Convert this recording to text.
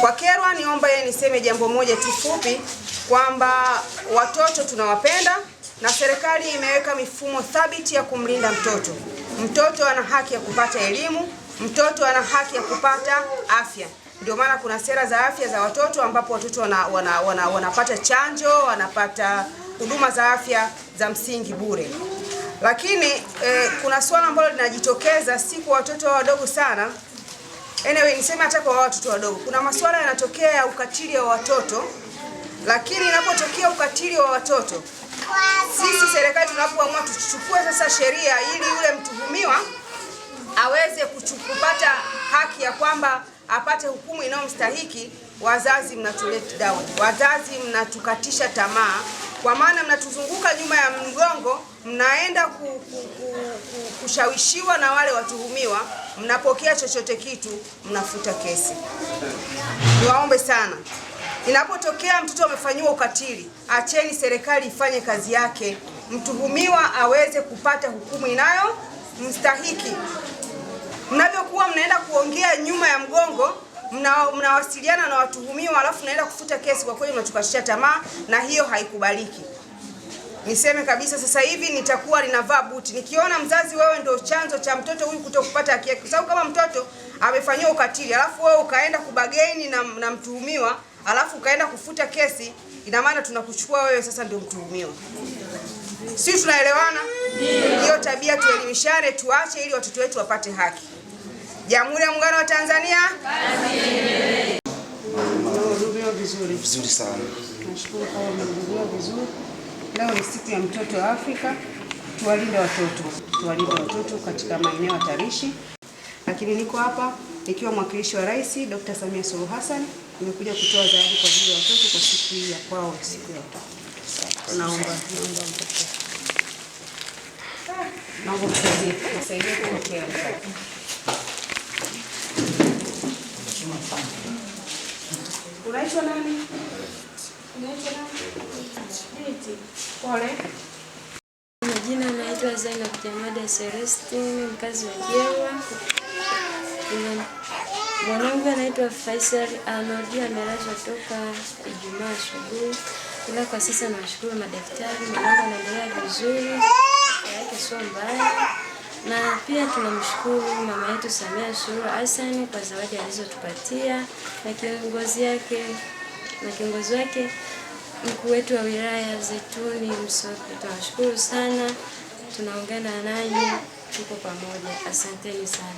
Kwa Kerwa niomba yeye niseme jambo moja tu fupi kwamba watoto tunawapenda na serikali imeweka mifumo thabiti ya kumlinda mtoto. Mtoto ana haki ya kupata elimu, mtoto ana haki ya kupata afya. Ndio maana kuna sera za afya za watoto ambapo watoto wana, wana, wana, wanapata chanjo, wanapata huduma za afya za msingi bure. Lakini eh, kuna swala ambalo linajitokeza si kwa watoto wadogo sana Anyway, niseme hata kwa watoto wadogo kuna masuala yanatokea ya ukatili wa watoto, lakini inapotokea ukatili wa watoto, sisi serikali tunapoamua tuchukue sasa sheria ili yule mtuhumiwa aweze kupata haki ya kwamba apate hukumu inayomstahiki, wazazi mnatuleta down, wazazi mnatukatisha tamaa kwa maana mnatuzunguka nyuma ya mgongo, mnaenda ku, ku, ku, ku, kushawishiwa na wale watuhumiwa, mnapokea chochote kitu, mnafuta kesi. Niwaombe sana, inapotokea mtoto amefanyiwa ukatili, acheni serikali ifanye kazi yake, mtuhumiwa aweze kupata hukumu inayo mstahiki. Mnavyokuwa mnaenda kuongea nyuma ya mgongo mnawasiliana na watuhumiwa alafu naenda kufuta kesi, kwa kweli mnatukashia tamaa na hiyo haikubaliki. Niseme kabisa sasa hivi nitakuwa ninavaa buti nikiona mzazi, wewe ndio chanzo cha mtoto huyu kutokupata haki yake, kwa sababu kama mtoto amefanyiwa ukatili alafu wewe ukaenda kubageni na, na mtuhumiwa alafu ukaenda kufuta kesi, ina maana tunakuchukua wewe sasa ndio mtuhumiwa. Sisi tunaelewana hiyo tabia, tuelimishane tuache, ili watoto wetu wapate haki. Jamhuri ya Muungano wa Tanzania. vizuri sana, nashukuru kwa vizuri. Leo ni siku ya mtoto wa Afrika, tuwalinde watoto, tuwalinde watoto katika maeneo hatarishi. Lakini niko hapa nikiwa mwakilishi wa Rais Dr. Samia Suluhu Hassan, nimekuja kutoa zawadi kwa ajili ya watoto kwa siku hii ya kwao, siku ya watoto. Naomba naomba mtoto, naomba kusaidia kwa kuokea Unaitwa nani? Unaitwa nani? Pole. Majina naitwa Zainab Jamada Celestine, mkazi wa Jewa. Mwanangu anaitwa Faisal Anodi, amelazwa toka Ijumaa asubuhi, ila kwa sasa nawashukuru madaktari, mwanangu anaendelea vizuri, yake sio mbaya na pia tunamshukuru mama yetu Samia Suluhu Hassan kwa zawadi alizotupatia na kiongozi yake na kiongozi wake mkuu wetu wa wilaya ya Zaituni Tunashukuru sana, tunaungana nanyi, tuko pamoja. Asanteni sana.